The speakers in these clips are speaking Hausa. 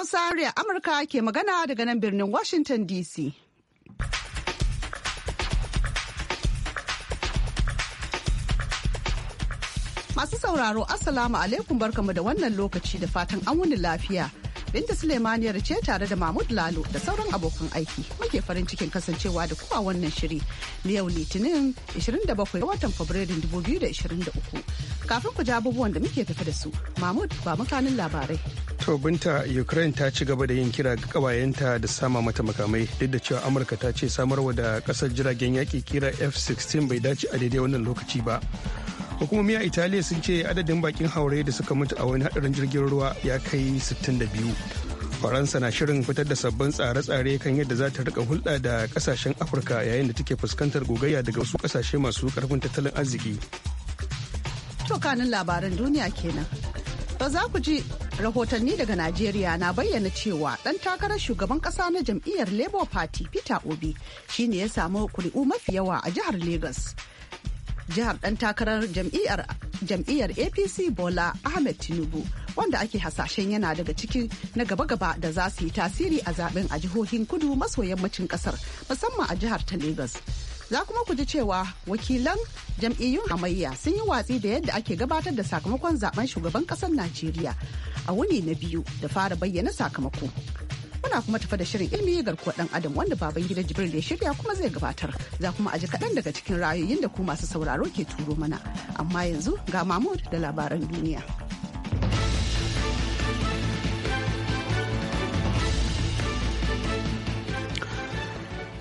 Hausa a Amurka ke magana daga nan birnin Washington DC. Masu sauraro, Assalamu alaikum barkamu da wannan lokaci da fatan an wuni lafiya. Binta Suleimaniyar ce tare da Mahmud Lalo da sauran abokan aiki. Muke farin cikin kasancewa da kuma wannan shiri na yau Litinin 27 watan Fabrairun 2023. Kafin ku ji abubuwan da muke tafi da su, Mahmud ba makanin labarai. To binta Ukraine ta ci gaba da yin kira ga kawayenta da sama mata makamai duk da cewa Amurka ta ce samarwa da kasar jiragen yaƙi kira F-16 bai dace a daidai wannan lokaci ba. hukumomi a italiya sun ce adadin bakin haure da suka mutu a wani hadarin jirgin ruwa ya kai 62 faransa na shirin fitar da sabbin tsare-tsare kan yadda za ta rika hulɗa da kasashen afirka yayin da take fuskantar gogayya daga wasu kasashe masu karfin tattalin arziki to kanin labaran duniya kenan ba za ku ji rahotanni daga najeriya na bayyana cewa dan takarar shugaban kasa na jam'iyyar labour party peter obi shine ya samu kuri'u mafi yawa a jihar lagos jihar dan takarar jam'iyyar apc bola ahmed tinubu wanda ake hasashen yana daga ciki na gaba-gaba da za su yi tasiri a zaben a jihohin kudu maso yammacin kasar musamman a jihar ta lagos za kuma ku ji cewa wakilan jam'iyyun hamayya sun yi watsi da yadda ake gabatar da sakamakon zaben shugaban kasar najeriya a wuni na biyu da fara bayyana sakamako muna kuma tafa da shirin ilmi garkuwa dan adam wanda baban gidan jibril ya shirya kuma zai gabatar za kuma aji kaɗan daga cikin ra'ayoyin da ku masu sauraro ke turo mana amma yanzu ga mahmud da labaran duniya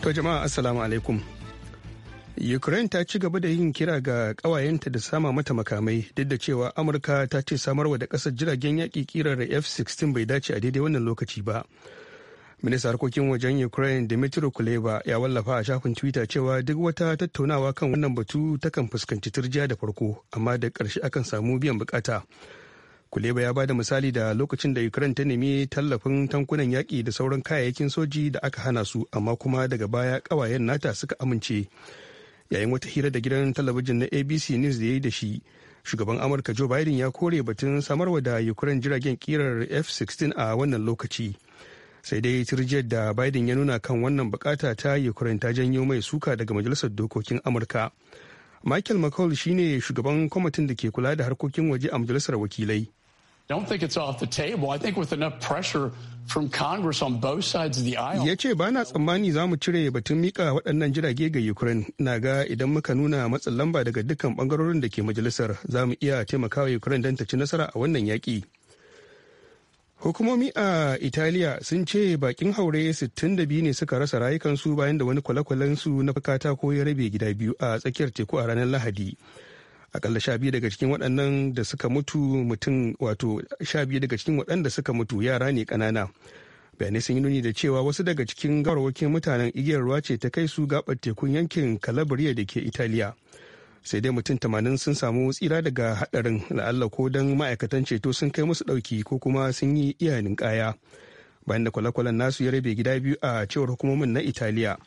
to jama'a assalamu alaikum Ukraine ta ci gaba da yin kira ga ƙawayenta da sama mata makamai duk da cewa Amurka ta ce samarwa da ƙasar jiragen yaƙi kirar F-16 bai dace a daidai wannan lokaci ba. Ministan harkokin wajen Ukraine Dmitry Kuleba ya wallafa a shafin Twitter cewa duk wata tattaunawa kan wannan batu takan fuskanci turjiya da farko, amma da ƙarshe akan samu biyan bukata. Kuleba ya ba da misali da lokacin da Ukraine ta nemi tallafin tankunan yaƙi da sauran kayayyakin soji da aka hana su, amma kuma daga baya ƙawayen nata suka amince. Yayin wata hira da gidan talabijin na ABC News da ya yi da shi, shugaban Amurka Joe Biden ya kore batun samarwa da Ukraine jiragen kirar F-16 a wannan lokaci. sai dai turjiyar da biden ya nuna kan wannan bukata ta ukraine ta janyo mai suka daga majalisar dokokin amurka michael mccall shine shugaban kwamitin da ke kula da harkokin waje a majalisar wakilai ya ce ba na tsammani za mu cire batun mika waɗannan jirage ga ukraine na ga idan muka nuna matsin lamba daga dukkan bangarorin da ke majalisar za mu iya taimakawa ukraine don ta ci nasara a wannan yaƙi. Hukumomi a Italiya sun ce bakin haure 62 ne suka rasa rayukansu bayan da wani kwale kwalensu na na katako ya rabe gida biyu a tsakiyar teku a ranar Lahadi. Akalla sha biyu daga cikin waɗannan da suka mutu mutum wato sha biyu daga cikin waɗanda suka mutu yara ne ƙanana. Bayanai sun yi nuni da cewa wasu daga cikin gawarwakin mutanen igiyar ruwa ce ta kai su gaɓar tekun yankin Calabria da ke Italiya. sai dai mutum tamanin sun samu tsira daga hadarin la'alla ko don ma'aikatan ceto sun kai musu dauki ko kuma sun yi iyanin kaya bayan da kwale-kwalen nasu ya rabe gida biyu a cewar hukumomin na italiya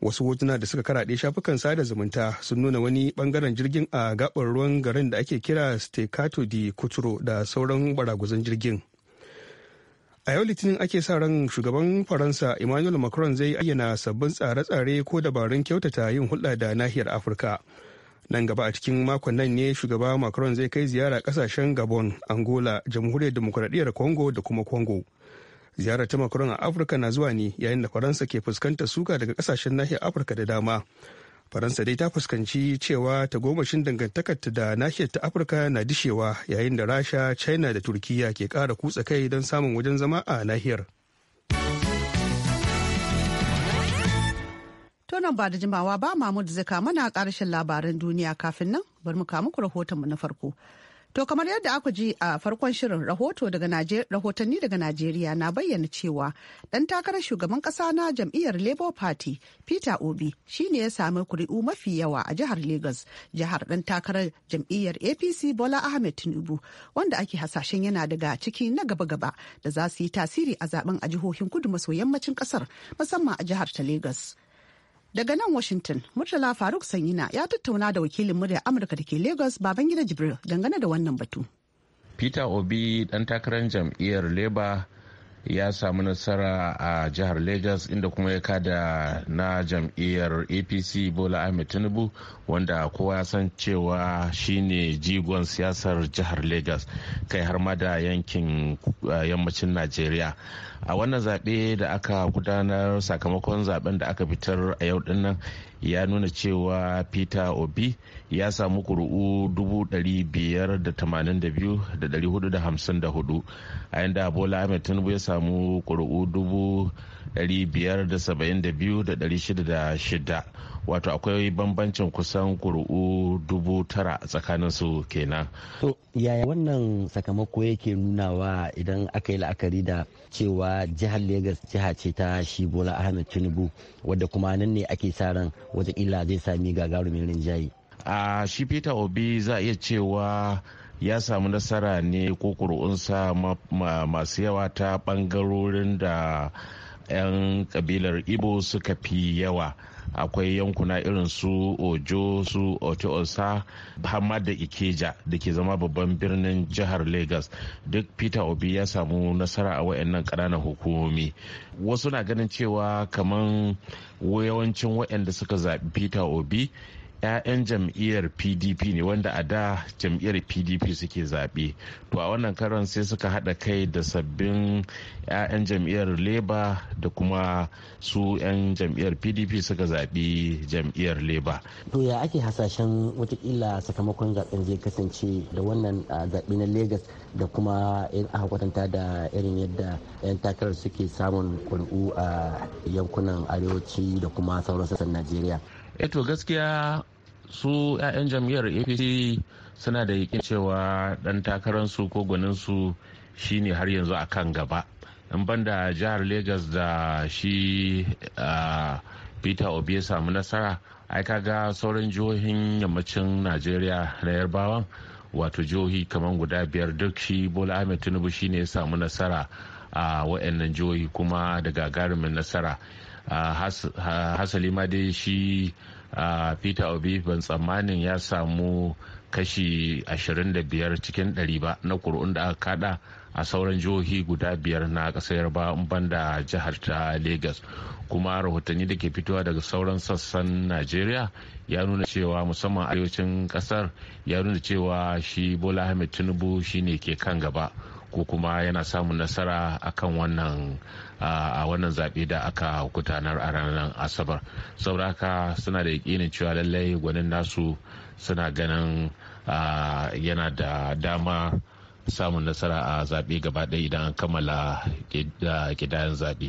wasu hotuna da suka karaɗe shafukan sada zumunta sun nuna wani bangaren jirgin a gabar ruwan garin da ake kira steccato di cutro da sauran baraguzan jirgin a yau litinin ake sa ran shugaban faransa emmanuel macron zai ayyana sabbin tsare-tsare ko dabarun kyautata yin hulɗa da nahiyar afirka nan gaba a cikin makon nan ne shugaba macron zai kai ziyara kasashen gabon angola jamhuriyar demokuraɗiyyar congo da kuma congo ziyarar ta macron a afirka na zuwa ne yayin da faransa ke fuskanta suka daga kasashen nahiyar afirka da dama faransa dai ta fuskanci cewa ta gomashin dangantakarta da nahiyar ta afirka na dishewa yayin da rasha china da turkiya ke kara kutsa kai don samun wajen zama a nahiyar To nan ba da jimawa ba Mahmud zai mana karshen labaran duniya kafin nan bari mu kamu ku mu na farko. To kamar yadda aka ji a farkon shirin rahoto daga rahotanni daga Najeriya na bayyana cewa ɗan takarar shugaban ƙasa na jam'iyyar Labour Party Peter Obi shine ya sami kuri'u mafi yawa a jihar Lagos, jihar ɗan takarar jam'iyyar APC Bola Ahmed Tinubu wanda ake hasashen yana daga ciki na gaba-gaba da za su yi tasiri a zaben a jihohin kudu maso yammacin ƙasar musamman a jihar ta Lagos. Daga nan Washington, Murtala Faruk Sanyina ya tattauna da wakilin murya Amurka da ke Lagos Babangida Jibril dangane da wannan batu. Peter Obi dan takarar jam'iyyar Labour ya samu nasara a jihar lagos inda kuma ya kada na jam'iyyar apc bola ahmed tinubu wanda kowa ya san cewa shine jigon siyasar jihar lagos kai har ma da yankin yammacin najeriya a wannan zaɓe da aka gudanar sakamakon zaben da aka fitar a yau dinnan ya nuna cewa peter obi ya samu kuri'u 582,454 a yanda bola ahmed tinubu ya samu kuri'u 572,606 wato akwai bambancin kusan kuri'u dubu tsakanin su kenan. to yaya wannan sakamako yake nunawa idan aka yi la'akari da cewa jihar Legas jiha ce ta shi bola ahmed tinubu wadda kuma nan ne ake sa ran watakila zai sami gagarumin rinjaye. a shi peter obi za a iya cewa ya samu nasara ne ko kuri'unsa masu yawa ta bangarorin da 'yan kabilar ibo suka fi yawa akwai yankuna irin su ojo su osa hamad da ikeja da ke zama babban birnin jihar lagos duk peter obi ya samu nasara a wayannan ƙananan hukumomi wasu na ganin cewa kamar yawancin wayanda suka zaɓi peter obi 'ya'yan jam'iyyar pdp ne wanda a da jam'iyyar pdp suke zaɓe to a wannan karon sai suka haɗa kai da sabbin 'ya'yan jam'iyyar labour da kuma su 'yan jam'iyyar pdp suka zaɓi jam'iyyar labour to ya ake hasashen watakila sakamakon zaɓen zai kasance da wannan zaɓe na lagos da kuma in aka kwatanta da irin yadda 'yan takarar suke samun a yankunan arewaci da kuma sauran sassan najeriya eto eh gaskiya su 'ya'yan jam'iyyar apc suna da yakin cewa dan takararsu ko gwaninsu shine har yanzu a kan gaba in banda jihar lagos da shi peter obi ya samu nasara ai ga sauran jihohin yammacin najeriya na yarbawan wato jihohi kamar guda biyar duk shi bola ahmed tinubu shine ya samu nasara a wa'annan jihohi kuma da gagarumin nasara hasali ma dai shi peter obi ban tsammanin ya samu kashi 25 cikin 100 ba na kur'un da aka kada a sauran jihohi guda biyar na kasar ba banda jihar ta lagos kuma rahotanni da ke fitowa daga sauran sassan najeriya ya nuna cewa musamman arewacin kasar ya nuna cewa shi bola ahmed tinubu shine ke kan gaba ko kuma yana samun nasara kan wannan a wannan zaɓe da aka gudanar a ranar asabar sauraka suna da yakinin cewa lallai gwanin nasu suna ganin yana da dama samun nasara a zaɓe gaba ɗaya idan an kammala ƙidayen zaɓe.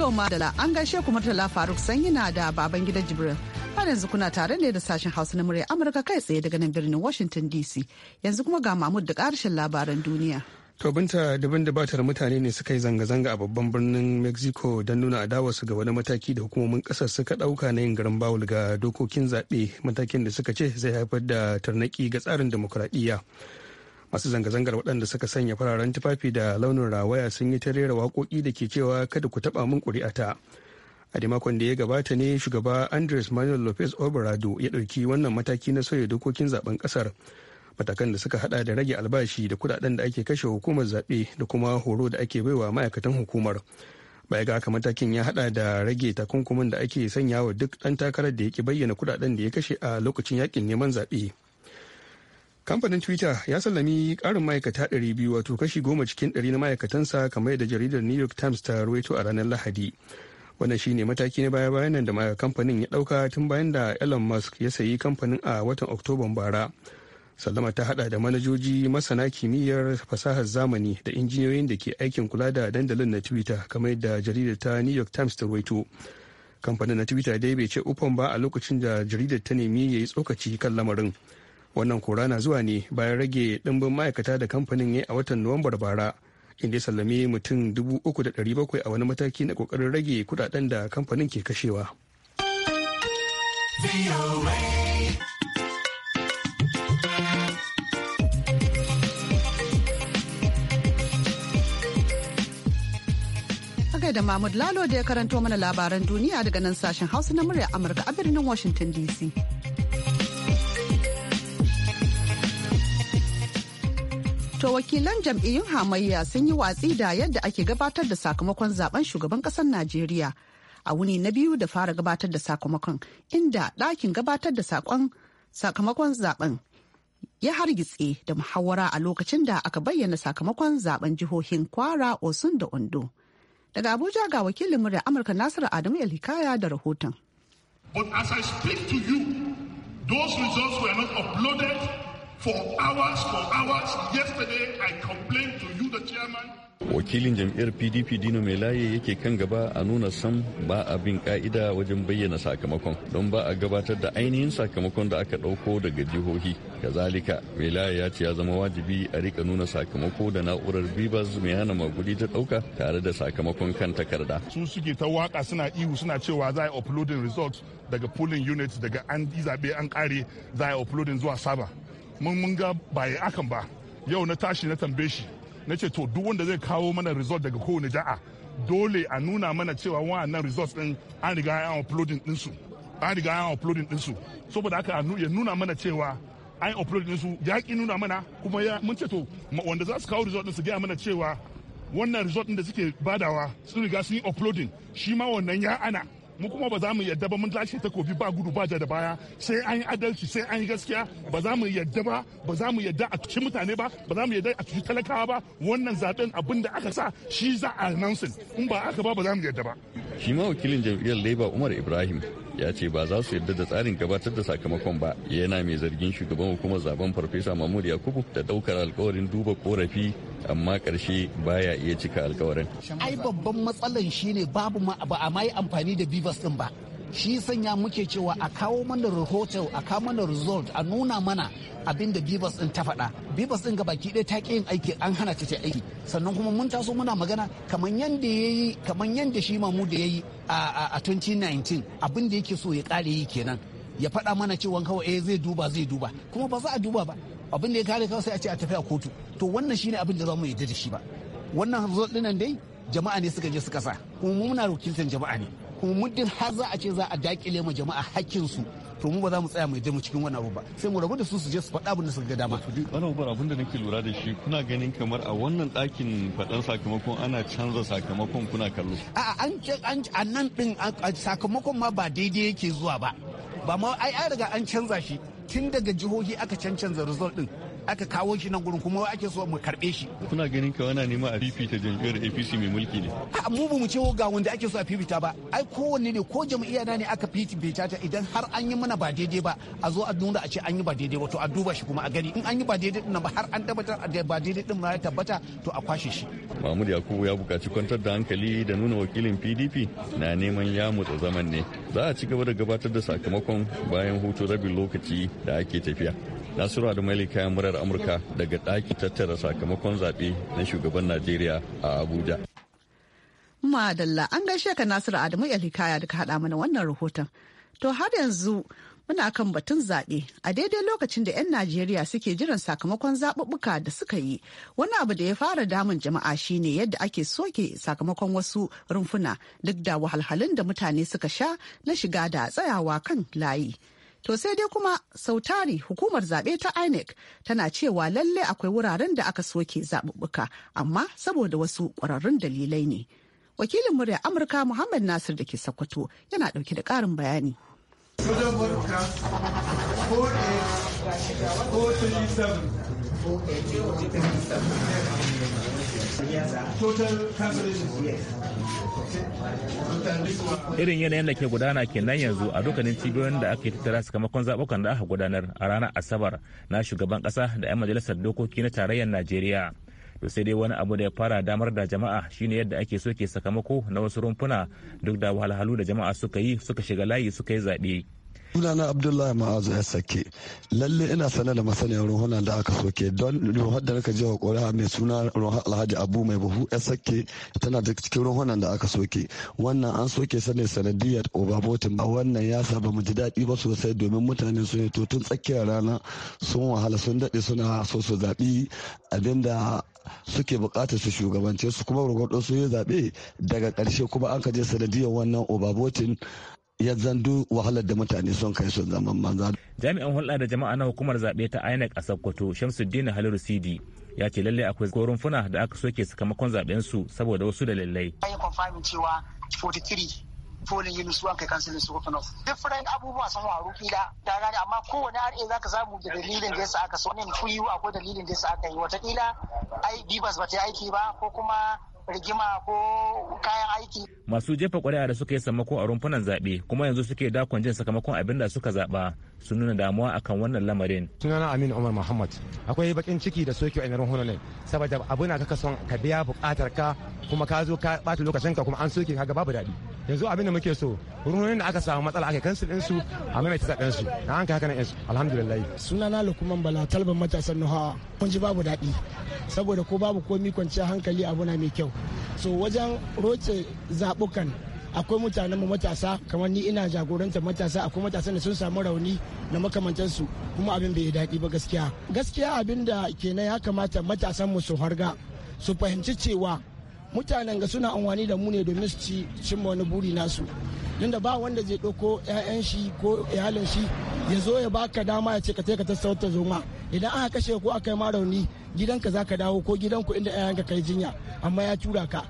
To Madala an gaishe ku Murtala Faruk sanyi na da baban gidan Jibril. Har yanzu kuna tare ne da sashen Hausa na murya Amurka kai tsaye daga nan birnin Washington DC. Yanzu kuma ga Mahmud da karshen labaran duniya. To binta daban da batar mutane ne suka yi zanga-zanga a babban birnin Mexico don nuna adawa su ga wani mataki da hukumomin kasar suka dauka na yin garin bawul ga dokokin zaɓe matakin da suka ce zai haifar da tarnaki ga tsarin demokuraɗiyya. masu zanga-zangar waɗanda suka sanya fararen tufafi da launin rawaya sun yi ta rera waƙoƙi da ke cewa kada ku taɓa min ƙuri'ata a da makon da ya gabata ne shugaba andres manuel lopez obrado ya ɗauki wannan mataki na sauya dokokin zaben ƙasar matakan da suka hada da rage albashi da kudaden da ake kashe hukumar zaɓe da kuma horo da ake baiwa ma'aikatan hukumar baya ga haka matakin ya hada da rage takunkumin da ake sanya wa duk ɗan takarar da ya ƙi bayyana kudaden da ya kashe a lokacin yakin neman zaɓe. kamfanin twitter ya sallami karin ma'aikata 200 wato kashi goma cikin 100 na ma'aikatansa kamar yadda jaridar new york times ta ruwaito a ranar lahadi wannan shine mataki na baya-bayan nan da kamfanin ya dauka tun bayan da elon musk ya sayi kamfanin a watan oktoban bara sallama ta hada da manajoji masana kimiyyar fasahar zamani da injiniyoyin da ke aikin kula da dandalin na twitter kamar yadda jaridar ta new york times ta ruwaito kamfanin na twitter dai bai ce ufan ba a lokacin da jaridar ta nemi ya yi tsokaci kan lamarin wannan kora na zuwa ne bayan rage ɗimbin ma'aikata da kamfanin ya a watan nuwambar bara inda ya sallame mutum 3,700 a wani mataki na kokarin rage kudaden da kamfanin ke kashewa. da Mahmud Lalo da ya karanto mana labaran duniya daga nan sashen Hausa na murya Amurka a birnin Washington DC. To wakilan jam'iyyun hamayya sun yi watsi da yadda ake gabatar da sakamakon zaben shugaban ƙasar Najeriya a wuni na biyu da fara gabatar da sakamakon inda ɗakin gabatar da sakamakon zaben ya hargitse da muhawara a lokacin da aka bayyana sakamakon zaben jihohin kwara osun da ondo daga abuja ga wakilin murya amurka nasiru adamu Elhikaya da rahoton but as i speak to you those results were not uploaded wakilin jam'iyyar pdp dino mai laye yake kan gaba a nuna san ba a bin ka'ida wajen bayyana sakamakon don ba a gabatar da ainihin sakamakon da aka ɗauko daga jihohi kazalika mai laye ya ce ya zama wajibi a rika nuna sakamako da na'urar bibas mai hana magudi ta ɗauka tare da sakamakon kan takarda su suke ta waka suna ihu suna cewa za a uploading results daga polling units daga an zaɓe an kare za a uploading zuwa saba mun mun ga ba akan ba yau na tashi na tambaye shi na ce to duk wanda zai kawo mana result daga kowane ja'a dole a nuna mana cewa wa'annan results din an riga an uploading su an riga an uploading su saboda haka ya nuna mana cewa an upload su ya ki nuna mana kuma ya mun ce to wanda za su kawo result din su gaya mana cewa wannan result din da suke badawa sun riga sun yi uploading shi ma wannan ya ana mu kuma ba za mu yadda ba mun lashe takobi ba gudu ba da baya sai an yi adalci sai an yi gaskiya ba za mu yadda ba ba za mu yadda a cikin mutane ba ba za mu yadda a cikin talakawa ba wannan zaben abin da aka sa shi za a announcing in ba aka ba ba za mu yadda ba shi ma wakilin jam'iyyar labour umar ibrahim ya ce ba za su yarda da tsarin gabatar da sakamakon ba yana mai zargin shugaban hukumar zaben farfesa mahmud yakubu da daukar alkawarin duba korafi amma karshe baya iya cika alkawarin ai babban matsalan shine babu ba a mayi amfani da bivas din ba shi sanya muke cewa a kawo mana rahoto a kawo mana result a nuna mana abin da bibas din ta faɗa bibas din gabaki ɗaya ta ƙi yin aiki an hana ta aiki sannan kuma mun taso muna magana kamar yadda ya yi kamar yadda shi mamu da ya yi a 2019 abin da yake so ya ƙare yi kenan ya faɗa mana cewa kawai eh zai duba zai duba kuma ba za a duba ba abin da ya kare kawai sai a ce a tafi a kotu to wannan shine abin da za mu yarda da shi ba wannan result ɗinan dai jama'a ne suka je suka sa kuma mu muna wakiltar jama'a ne kuma muddin har za a ce za a dakile ma jama'a hakkinsu to mu ba za mu tsaya mu je mu cikin wannan abu ba sai mu rabu da su su je su faɗa abin da suka ga dama wannan ubar abin da nake lura da shi kuna ganin kamar a wannan ɗakin faɗan sakamakon ana canza sakamakon kuna kallo a an an nan din sakamakon ma ba daidai yake zuwa ba ba ma ai an riga an canza shi tun daga jihohi aka cancanza result din aka kawo shi nan gurin kuma ake so mu karbe shi kuna ganin ka wani nema a fifita jam'iyyar APC mai mulki ne a mu ba mu ce ga wanda ake so a fifita ba ai kowanne ne ko jam'iyya na ne aka fifita ta idan har an yi mana ba daidai ba a zo a nuna a ce an yi ba daidai ba to a duba shi kuma a gani in an yi ba daidai din ba har an tabbatar da ba daidai din ma ya tabbata to a kwashe shi Mahmud Yakubu ya buƙaci kwantar da hankali da nuna wakilin PDP na neman ya mutsa zaman ne za a ci gaba da gabatar da sakamakon bayan hutu rabin lokaci da ake tafiya Nasiru Adamali kayan murar Amurka daga ɗaki tattara sakamakon zaɓe na shugaban Najeriya a Abuja. Madalla an gaishe ka Nasiru Adamu Yalikaya da ka haɗa mana wannan rahoton. To har yanzu muna kan batun zaɓe a daidai lokacin da 'yan Najeriya suke jiran sakamakon zaɓuɓɓuka da suka yi. Wani abu da ya fara damun jama'a shine yadda ake soke sakamakon wasu rumfuna duk da wahalhalun da mutane suka sha na shiga da tsayawa kan layi. To sai dai kuma sautari hukumar zaɓe ta INEC tana cewa lalle akwai wuraren da aka soke zaɓuɓɓuka amma saboda wasu ƙwararrun dalilai ne. Wakilin murya Amurka Muhammad Nasir da ke Sokoto yana ɗauke da ƙarin bayani. Irin yanayin da ke gudana kenan yanzu a dukkanin cibiyoyin da ake tattara sakamakon zaɓukan da aka gudanar a ranar Asabar na shugaban ƙasa da 'yan majalisar dokoki na tarayyar Najeriya. to sai dai wani abu da ya fara damar da jama'a shine yadda ake soke sakamako na wasu rumfuna duk da wahalhalu da jama'a suka yi suka shiga layi suka yi zaɓe. sunana abdullahi ma'azu ya sake lalle ina sanar da masaniyar ruhunan da aka soke don ruhar da naka wa ƙuri'a mai suna ruhar alhaji abu mai buhu ya sake tana da cikin ruhunan da aka soke wannan an soke sane sanadiyar obamotin a wannan ya sa ba mu ji daɗi ba sosai domin mutane sun yi tun tsakiyar rana sun wahala sun daɗe suna so su zaɓi abinda suke bukatar su shugabance su kuma rugwado su yi zaɓe daga ƙarshe kuma an ka je sanadiyar wannan obabotin ya zandu wahalar da mutane sun kai son zaman manza. Jami'an hulɗa da jama'a na hukumar zaɓe ta INEC a Sokoto Shamsuddin Halilu Sidi ya ce lallai akwai funa da aka soke sakamakon zaɓen su saboda wasu da lallai. An yi cewa 43 polling units su an kai kansilin su kofin different abubuwa sun faru kila ta gane amma kowane RA zaka samu da dalilin da sa aka so wannan kuyi akwai dalilin da sa aka yi wataƙila ai bibas ba ta aiki ba ko kuma rigima ko kayan aiki. Masu jefa ƙuri'a da suka yi sammako a rumfunan zaɓe kuma yanzu suke dakon jin sakamakon abin da suka zaɓa sun nuna damuwa akan wannan lamarin. Sunana Aminu Umar Muhammad akwai bakin ciki da soke a yanar hononin saboda abu na kaka ka biya buƙatar ka kuma ka zo ka ɓata lokacin ka kuma an soke ka ga babu daɗi. yanzu abin da muke so rumfunan da aka samu matsala aka kansu ɗinsu su a maimaita zaben su na an ka haka nan yansu alhamdulillah sunana lukman bala talban matasan Nuhawa kun ji babu daɗi saboda ko babu komi kwanciyar hankali abu na mai kyau so wajen roce zaɓukan akwai mutanen mu matasa kamar ni ina jagorantar matasa akwai matasan da sun samu rauni na makamantansu kuma abin bai daɗi ba gaskiya gaskiya abin da kenan ya kamata matasan mu su harga su fahimci cewa mutanen ga suna amfani da mu ne domin su ci cimma wani buri nasu tunda ba wanda zai ɗauko 'ya'yan shi ko iyalin shi ya zo ya baka dama ya ce ka ta ta zoma idan aka kashe ko aka yi ma rauni gidanka za ka dawo ko gidanku inda ka kai jinya amma ya tura ka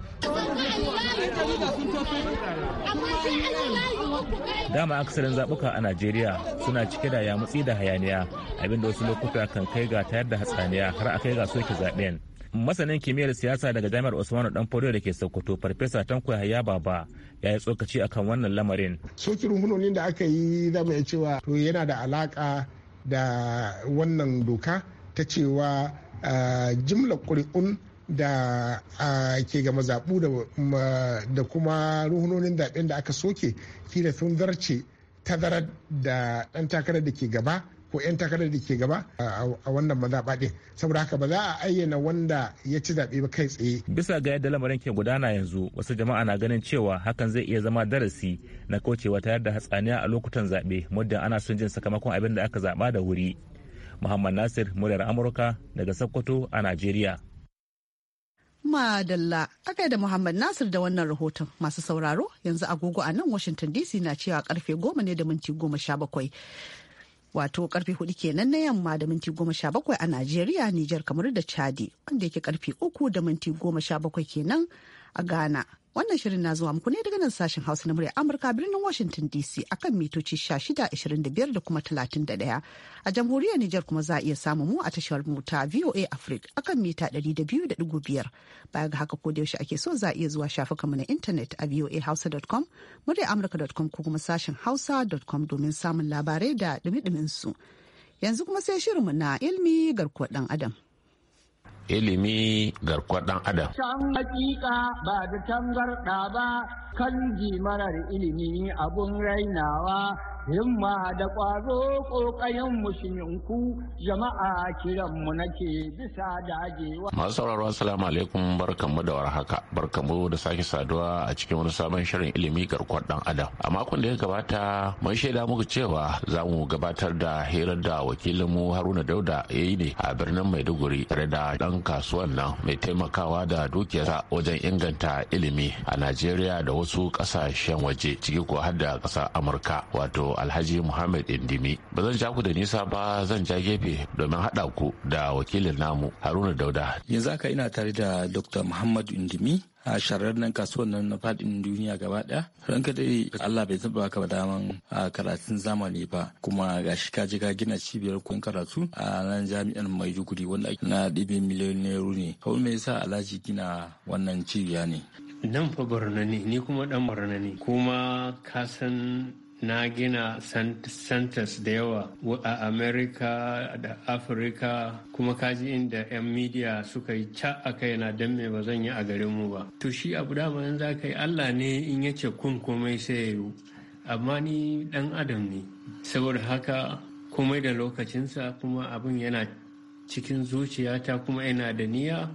dama aksarin zabuka a najeriya suna cike da yamutsi da hayaniya abinda wasu lokuta kan kai ga tayar da hatsaniya har a kai ga soke zaben masanin kimiyyar siyasa daga jami'ar usmanu dan da ke sokoto farfesa tanko yahaya baba ya yi tsokaci akan wannan lamarin sokin ruhunonin da aka yi zama ya cewa to yana da alaka da wannan doka ta cewa jimla ƙuri'un da ke ga mazaɓu da kuma ruhunonin zaɓen da aka soke kila sun zarce tazarar da ɗan takarar da ke gaba ko 'yan takarar da ke gaba a wannan mazaɓa ɗin saboda haka ba za a ayyana wanda ya ci zaɓe ba kai tsaye. bisa ga yadda lamarin ke gudana yanzu wasu jama'a na ganin cewa hakan zai iya zama darasi na kaucewa tayar da hatsaniya a lokutan zaɓe muddin ana son jin sakamakon abin da aka zaɓa da wuri. Muhammad Nasir muryar Amurka daga Sokoto a Najeriya. Madalla aka da Muhammad Nasir da wannan rahoton masu sauraro yanzu agogo a nan Washington DC na cewa karfe goma ne da minti goma sha bakwai wato karfe hudu kenan na yamma da minti goma sha bakwai a najeriya nijar kamar da chadi wanda yake karfe uku da minti goma sha bakwai kenan a ghana Wannan shirin na zuwa muku ne daga nan sashen Hausa na murya Amurka birnin Washington DC akan mitoci 1625 da kuma 31. A jamhuriyar Nijar kuma za a iya samu mu a tashar mu ta VOA Africa akan mita 200.5. Baya ga haka ko da yaushe ake so za a iya zuwa shafukanmu na intanet a voahausa.com, muryaamurka.com ko kuma sashen hausa.com domin samun labarai da dumi su. Yanzu kuma sai shirinmu na ilmi garkuwar ɗan Adam. ilimi garkuwar dan adam. Can hakika ba da tangarɗa ba kanji marar ilimi abun rainawa himma da ƙwazo ƙoƙayen musulminku jama'a mu nake bisa dagewa. Masu sauraro assalamu alaikum barkamu da warhaka barkamu da sake saduwa a cikin wani sabon shirin ilimi garkuwar dan adam. A makon da ya gabata mun shaida muku cewa za mu gabatar da hirar da wakilinmu Haruna Dauda ya yi ne a birnin Maiduguri tare da ɗan kasuwan nan mai taimakawa da dukiyarsa wajen inganta ilimi a Najeriya da wasu wasu kasashen waje ciki kuwa har da kasar amurka wato alhaji muhammad indimi ba zan ja ku da nisa ba zan ja gefe domin haɗa ku da wakilin namu haruna dauda yanzu aka ina tare da dr muhammad indimi a shahararren kasuwar nan na fadin duniya gaba daya ranka dai Allah bai taba ka daman a karatun zamani ba kuma ga shi ka je ka gina cibiyar koyon karatu a nan jami'ar Maiduguri wanda na ɗibe miliyoniyaru ne kawai me yasa Alhaji gina wannan cibiya ne nan fa borno ne ni kuma dan borno ne kuma ka san na gina centers da yawa a america da afirka kuma kaji inda 'yan media suka yi ca a kaina don me ba zan yi a mu ba to shi abu dama yanzu za ka yi allah ne in ya ce kun komai sai ya amma ni dan adam ne saboda haka komai da lokacinsa kuma abin yana cikin zuciyata kuma yana da niyya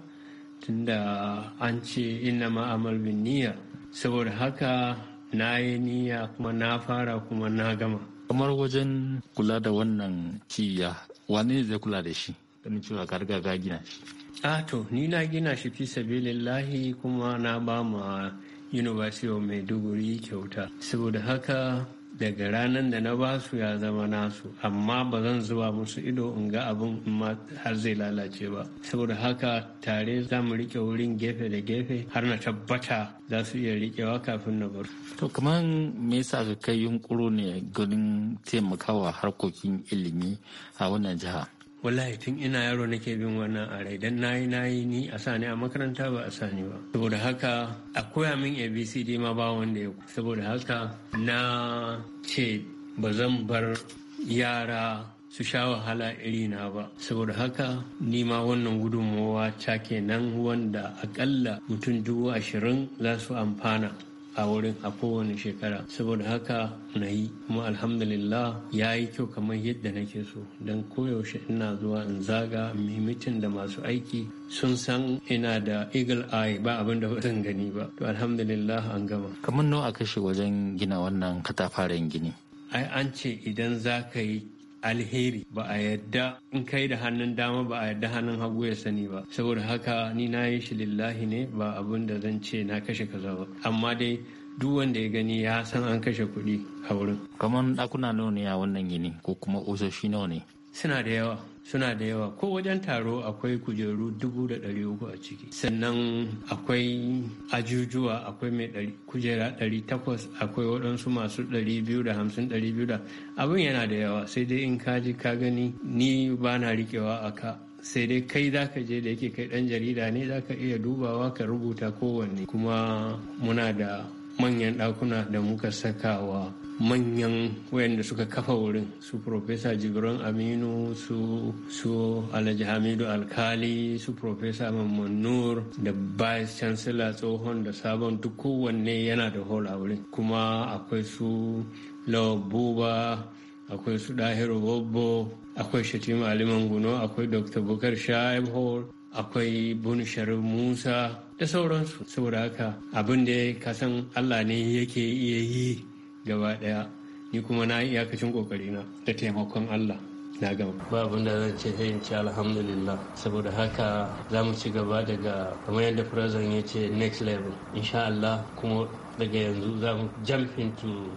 tunda an ce inna ma'amal bin niyya saboda haka na yi niyya kuma na fara kuma na gama kamar wajen kula da wannan kiyya wani zai kula da shi ganin cewa ka riga ka gina shi ah to ni na gina shi fi sabilillahi kuma na ba ma University of Maiduguri kyauta saboda haka daga ranar da na ba su ya zama nasu amma ba zan zuba musu ido in ga abin ma har zai lalace ba saboda haka tare za mu rike wurin gefe da gefe har na tabbata za su iya rikewa kafin na bar to kamar me yasa ka kai yunkuro ne ganin taimakawa harkokin ilimi a wannan jiha wallahi tun ina yaro nake bin wannan a rai dan nayi nayi ni a sani a makaranta ba a sani ba saboda haka a koya min abcd ma ba wanda ya saboda haka na ce ba zan bar yara su sha wahala iri na ba saboda haka nima wannan gudunmowa ta kenan wanda akalla mutum dubu ashirin za su amfana a wurin a kowane shekara saboda haka na yi kuma alhamdulillah ya yi kyau kamar yadda nake so don koyaushe ina zuwa in zaga mimitin da masu aiki sun san ina da eagle eye ba abin da zan gani ba to alhamdulillah an gama kamar nawa kashe wajen gina wannan katafaren gini ai an ce idan za ka yi alheri ba a yadda in kai da hannun dama ba a yadda hannun hagu ya sani ba saboda haka ni na yi shi lillahi ne ba abin da zan ce na kashe kaza ba amma dai duk wanda ya gani ya san an kashe kuɗi a wurin. kamar ɗakuna nawa ne a wannan gini ko kuma ososhi nawa ne. suna da yawa suna da yawa ko wajen taro akwai kujeru dubu da ɗari uku a ciki sannan akwai ajujuwa akwai mai kujera ɗari takwas akwai waɗansu masu ɗari biyu da hamsin ɗari biyu da abin yana da yawa sai dai in ka ji ka gani ni ba na riƙewa a ka sai dai kai za ka je da yake kai ɗan jarida ne za ka iya dubawa ka rubuta kowanne kuma muna da manyan ɗakuna da muka saka wa manyan wayanda suka kafa wurin su profesa jibran aminu su su alhaji hamidu alkali su profesa mamman nur da vice chancellor tsohon da sabon duk kowanne yana da hola a wurin kuma akwai su law buba akwai su dahiru Bobo, akwai shatim ali guno akwai dr bukar shaib hall akwai bun sharif musa da sauransu saboda haka abin da ya kasan allah ne yake iya yi gaba daya ni kuma na yi iyakacin kokari na da taimakon Allah na gama ba abin da zan ce sai in ce alhamdulillah saboda haka za mu ci gaba daga kamar yadda president ya ce next level insha Allah kuma daga yanzu za mu jump into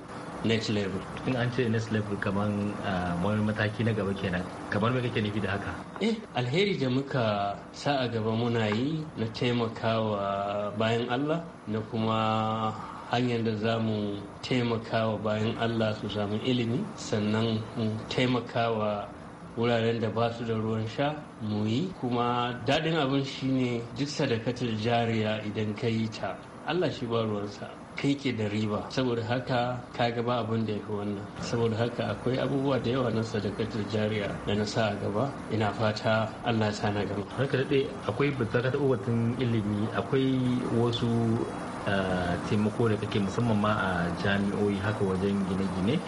next level in an ce next level kamar ah, wani mataki na gaba kenan kamar me kake nufi da haka eh alheri da muka sa a gaba muna yi na taimakawa bayan Allah na kuma hanyar da za mu taimakawa bayan allah su samu ilimi sannan mu taimakawa wuraren da ba su da ruwan sha mu yi kuma daɗin abin shine duk sadakatar jariya idan ka yi ta allah shi ba ruwansa kai ke da riba saboda haka ka gaba abin da ya fi wannan saboda haka akwai abubuwa da yawa na sadakatar jariya da na sa a gaba ina fata allah ta na gama haka daɗe akwai batakatar ilimi akwai wasu taimako da kake musamman ma a jami'oi haka wajen gine-gine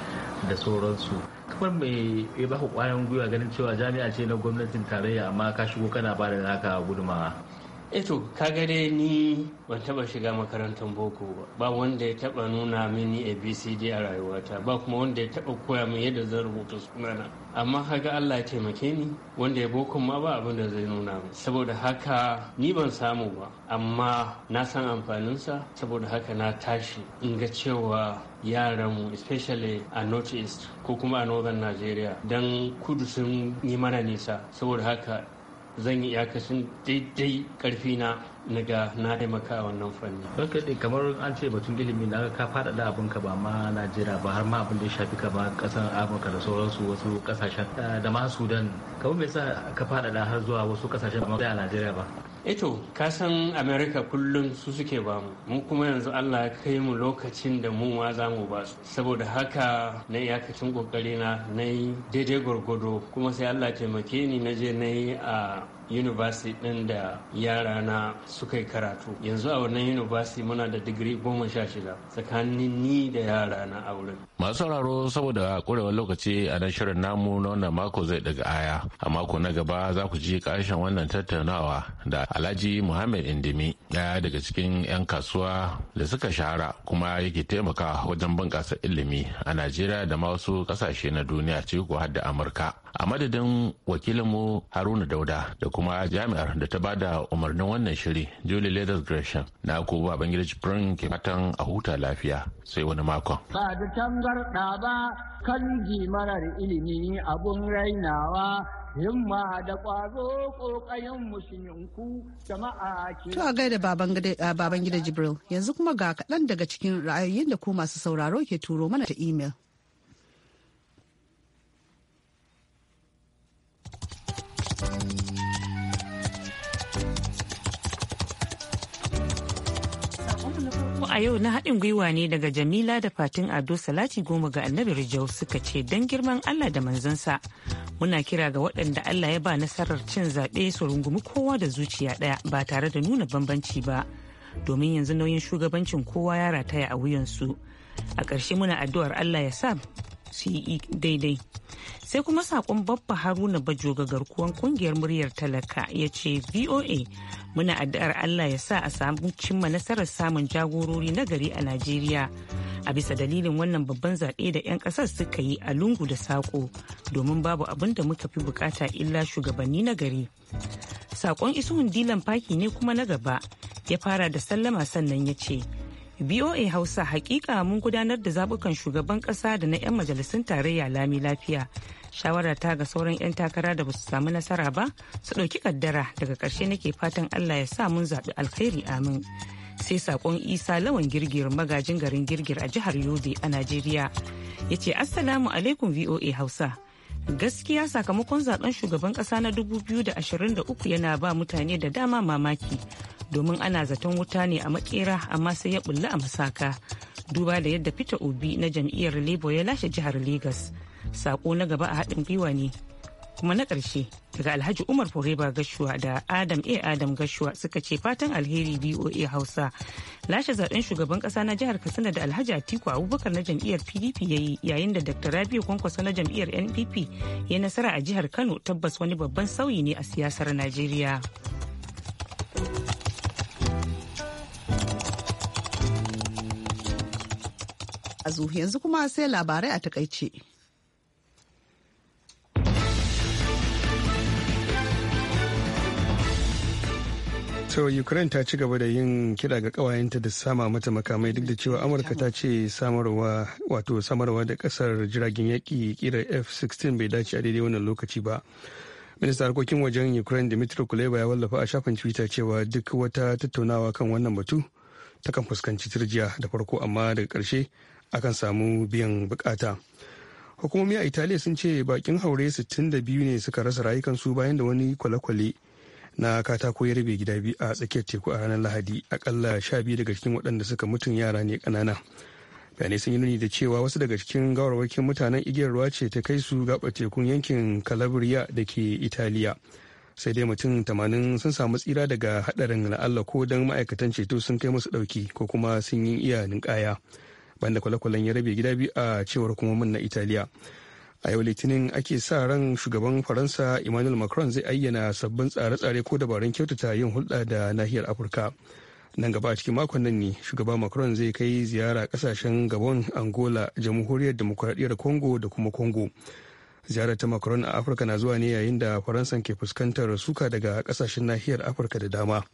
da sauransu kamar mai ya baku kwayan gwiwa ganin cewa jami'a ce na gwamnatin tarayya amma ka shigo kana ba da naka gudumawa eto eh kaga dai ni ban taba shiga makarantar boko ba ba wanda ya taba nuna mini abcd a rayuwata ba kuma wanda ya taba koya min yadda zan rubuta sunana amma haga allah ya taimake ni wanda ya boko ma ba abin da zai nuna min saboda haka ni ban samu ba amma na san amfaninsa saboda haka na tashi in ga cewa yaranmu especially a northeast ko kuma a northern nigeria dan kudu sun yi mana nisa saboda haka zan yi iyakacin daidai karfi na na ga na taimaka wannan fanni. Ranka kamar an ce batun ilimi na ka faɗaɗa da abinka ba ma Najeriya ba har ma abin da ya shafi ka ba ƙasar Amurka da sauransu wasu ƙasashen eh, da ma Sudan kawai mai sa aka faɗaɗa har zuwa wasu kasashen ba a Najeriya ba eto eh ka san america kullum su suke bamu mu kuma yanzu allah ya kai mu lokacin da mu ma za mu basu saboda haka na iyakacin kokari na na yi daidai gwargwado kuma sai allah taimake ni na je na yi a university ɗin da yara na suka yi karatu yanzu a wannan university muna da digiri goma sha shida tsakanin ni da yara na a wurin masu sauraro saboda kurewar lokaci a nan shirin namu na wannan mako zai daga aya a mako na gaba za ku ji kashin wannan tattaunawa da alhaji muhammad indimi ɗaya daga cikin 'yan kasuwa da suka shahara kuma yake taimakawa wajen bunƙasa ilimi a najeriya da ma wasu ƙasashe na duniya ce har da amurka a madadin wakilinmu haruna dauda da kuma jami'ar da ta ba da umarnin wannan shiri julie leathers gresham na ko babangida jibrin ke fatan a huta lafiya sai wani makon ba da tangarɗa ba kan marar ilimi abun rainawa himma da ƙwazo ƙoƙayen musulminku jama'a ke. To a gaida baban gida Jibril yanzu kuma ga kaɗan daga cikin ra'ayoyin da ko masu sauraro ke turo mana ta imel. a yau na haɗin gwiwa ne daga Jamila da Fatin Ado Salati goma ga Annabi Rijau suka ce don girman Allah da manzansa. Muna kira ga waɗanda Allah ya ba nasarar cin zaɓe su rungumi kowa da zuciya ɗaya ba tare da nuna bambanci ba. Domin yanzu nauyin shugabancin kowa ya rataya a wuyansu. A ƙarshe muna addu'ar Allah ya sa su e daidai sai kuma saƙon babba haruna bajo ga garkuwan kungiyar muryar talaka ya ce voa muna addu'ar allah ya sa a samu cimma nasarar samun jagorori na gari a najeriya a bisa dalilin wannan babban zaɓe da 'yan ƙasar suka yi a lungu da saƙo domin babu abin da muka fi bukata illa shugabanni na gari sakon isuhun dilan faki ne kuma na gaba ya fara da sallama sannan ya ce BOA Hausa hakika mun gudanar da zabukan shugaban kasa da na 'yan majalisun tarayya lami lafiya. Shawara ta ga sauran 'yan takara da basu samu nasara ba su ɗauki kaddara daga ƙarshe nake fatan Allah ya sa mun zaɓi alkhairi amin. Sai saƙon Isa Lawan Girgir magajin garin Girgir a jihar Yobe a Najeriya. Ya ce Assalamu alaikum VOA Hausa. gaskiya sakamakon zaben shugaban kasa na 2023 yana ba mutane da dama mamaki domin ana zaton wuta ne a makera amma sai ya bulla a masaka duba da yadda peter obi na jam'iyyar labour ya lashe jihar lagos sako na gaba a haɗin gwiwa ne kuma na ƙarshe daga alhaji umar foreba gashuwa da adam a adam gashuwa suka ce fatan alheri boa hausa lashe zaben shugaban kasa na jihar katsina da alhaji atiku abubakar na jam'iyyar pdp ya yi yayin da dr rabiu kwankwaso na jam'iyyar npp ya nasara a jihar kano tabbas wani babban sauyi ne a siyasar najeriya yanzu kuma sai labarai a takaice. cewa ukraine ta ci gaba da yin kira ga kawayenta da sama mata makamai duk da cewa amurka ta ce samarwa wato samarwa da kasar jiragen yaƙi kirar f-16 bai dace a daidai wannan lokaci ba minista harkokin wajen ukraine dimitri kuleba ya wallafa a shafin twitter cewa duk wata tattaunawa kan wannan batu ta kan fuskanci turjiya da farko amma daga karshe akan samu biyan bukata. hukumomi a italiya sun ce bakin haure 62 ne suka rasa rayukansu bayan da wani kwale-kwale na katako ya rabe gida biyu a tsakiyar teku a ranar lahadi akalla sha biyu daga cikin waɗanda suka mutum yara ne ƙanana bayanai sun yi nuni da cewa wasu daga cikin gawarwakin mutanen igiyar ruwa ce ta kai su gaba tekun yankin calabria da ke italiya sai dai mutum tamanin sun samu tsira daga haɗarin allah ko don ma'aikatan ceto sun kai musu ɗauki ko kuma sun yi iya ninkaya banda kwale-kwalen ya rabe gida biyu a cewar kuma na italiya a yau litinin ake sa ran shugaban faransa emmanuel macron zai ayyana sabbin tsare-tsare ko dabarun kyautata yin hulɗa da nahiyar afirka nan gaba a cikin makon nan ne shugaban macron zai kai ziyara kasashen gabon angola jamhuriyar demokuraɗiyyar congo da kuma congo ziyarar ta macron a afirka na zuwa ne yayin da faransa ke fuskantar suka daga kasashen nahiyar afirka da dama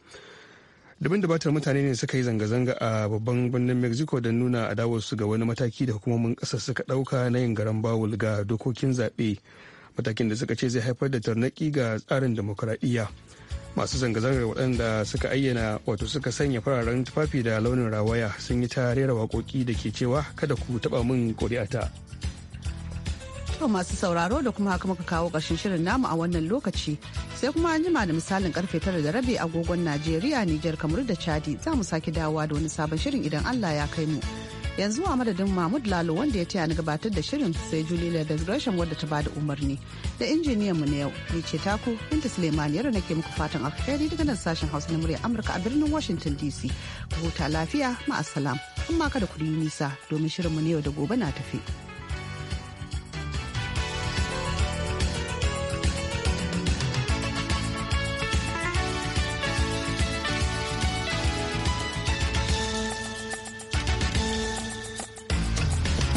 dabin da batar mutane ne suka yi zanga-zanga a babban birnin mexico don nuna adawar su ga wani mataki da hukumomin kasar suka ɗauka na yin garan bawul ga dokokin zaɓe matakin da suka ce zai haifar da tarnaki ga tsarin demokuraɗiyya masu zanga-zangar waɗanda suka ayyana wato suka sanya fararen tufafi da launin rawaya sun yi ta rera waƙoƙi da ke cewa kada ku taɓa min ƙuri'ata To masu sauraro da kuma haka muka kawo ƙarshen shirin namu a wannan lokaci sai kuma an jima da misalin karfe tara da rabi agogon Najeriya, Nijar, kamar da Chadi za mu sake dawowa da wani sabon shirin idan Allah ya kai mu. Yanzu a madadin Mahmud Lalo wanda ya taya ni gabatar da shirin sai Julia da Gresham wadda ta bada umarni da injiniyan mu na yau ni ce taku Binta Suleiman yara nake muku fatan alheri daga nan sashen Hausa na murya Amurka a birnin Washington DC. Ku huta lafiya ma'asalam. Amma kada ku yi nisa domin shirin mu na yau da gobe na tafi.